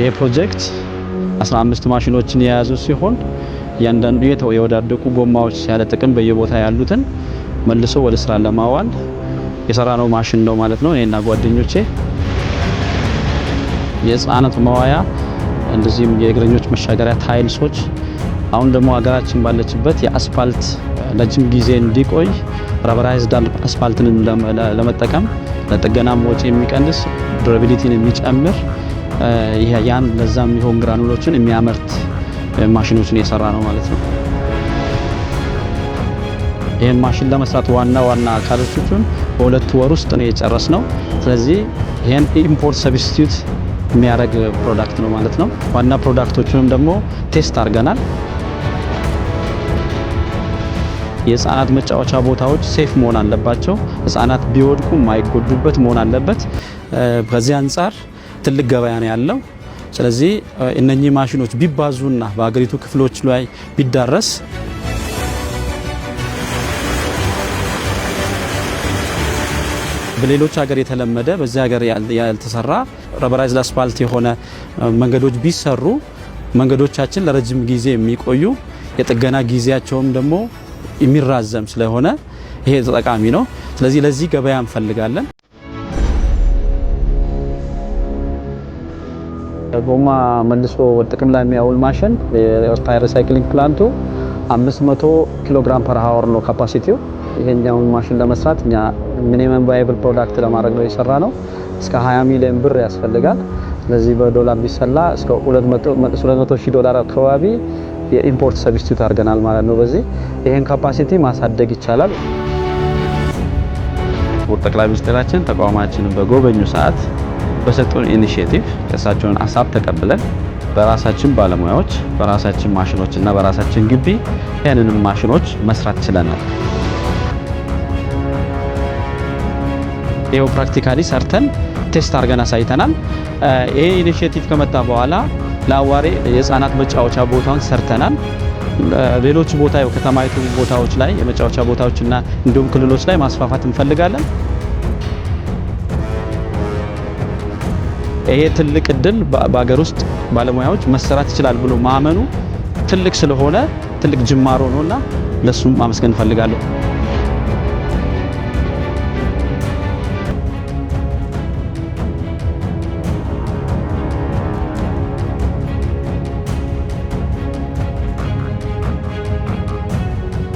ይህ ፕሮጀክት 15 ማሽኖችን የያዙ ሲሆን እያንዳንዱ የወዳደቁ ጎማዎች ያለ ጥቅም በየቦታ ያሉትን መልሶ ወደ ስራ ለማዋል የሰራ ነው ማሽን ነው ማለት ነው። እኔና ጓደኞቼ የህፃናት መዋያ እንደዚህም የእግረኞች መሻገሪያ ታይልሶች፣ አሁን ደግሞ ሀገራችን ባለችበት የአስፋልት ረጅም ጊዜ እንዲቆይ ረበራይዝድ አስፋልትን ለመጠቀም ለጥገናም ወጪ የሚቀንስ ዱራቢሊቲን የሚጨምር ያን ለዛ የሚሆን ግራኑሎችን የሚያመርት ማሽኖችን የሰራ ነው ማለት ነው። ይህን ማሽን ለመስራት ዋና ዋና አካሎቹን በሁለት ወር ውስጥ ነው የጨረስ ነው። ስለዚህ ይህን ኢምፖርት ሰብስቲዩት የሚያደርግ ፕሮዳክት ነው ማለት ነው። ዋና ፕሮዳክቶቹንም ደግሞ ቴስት አድርገናል። የህፃናት መጫወቻ ቦታዎች ሴፍ መሆን አለባቸው። ህፃናት ቢወድቁ ማይጎዱበት መሆን አለበት። ከዚህ አንጻር ትልቅ ገበያ ነው ያለው። ስለዚህ እነኚህ ማሽኖች ቢባዙና በሀገሪቱ ክፍሎች ላይ ቢዳረስ በሌሎች ሀገር የተለመደ በዚህ ሀገር ያልተሰራ ረበራይዝ አስፋልት የሆነ መንገዶች ቢሰሩ መንገዶቻችን ለረጅም ጊዜ የሚቆዩ የጥገና ጊዜያቸውም ደግሞ የሚራዘም ስለሆነ ይሄ ተጠቃሚ ነው። ስለዚህ ለዚህ ገበያ እንፈልጋለን። ጎማ መልሶ ጥቅም ላይ የሚያውል ማሽን ሪሳይክሊንግ ፕላንቱ 500 ኪሎ ግራም ፐር ሀወር ነው ካፓሲቲው። ይሄኛውን ማሽን ለመስራት እኛ ሚኒመም ቫይብል ፕሮዳክት ለማድረግ ነው የሰራ ነው። እስከ 20 ሚሊዮን ብር ያስፈልጋል። ስለዚህ በዶላር ቢሰላ እስከ 200 ሺህ ዶላር አካባቢ የኢምፖርት ሰብስቲዩት አድርገናል ማለት ነው። በዚህ ይሄን ካፓሲቲ ማሳደግ ይቻላል። ጠቅላይ ሚኒስትራችን ተቋማችንን በጎበኙ ሰዓት በሰጡን ኢኒሽቲቭ የእሳቸውን ሀሳብ ተቀብለን በራሳችን ባለሙያዎች በራሳችን ማሽኖች እና በራሳችን ግቢ ይህንንም ማሽኖች መስራት ችለናል። ይኸው ፕራክቲካሊ ሰርተን ቴስት አድርገን አሳይተናል። ይሄ ኢኒሽቲቭ ከመጣ በኋላ ለአዋሬ የህፃናት መጫወቻ ቦታውን ሰርተናል። ሌሎች ቦታ ከተማይቱ ቦታዎች ላይ የመጫወቻ ቦታዎችና እንዲሁም ክልሎች ላይ ማስፋፋት እንፈልጋለን። ይሄ ትልቅ እድል በሀገር ውስጥ ባለሙያዎች መሰራት ይችላል ብሎ ማመኑ ትልቅ ስለሆነ ትልቅ ጅማሮ ነውና ለሱም ማመስገን እፈልጋለሁ።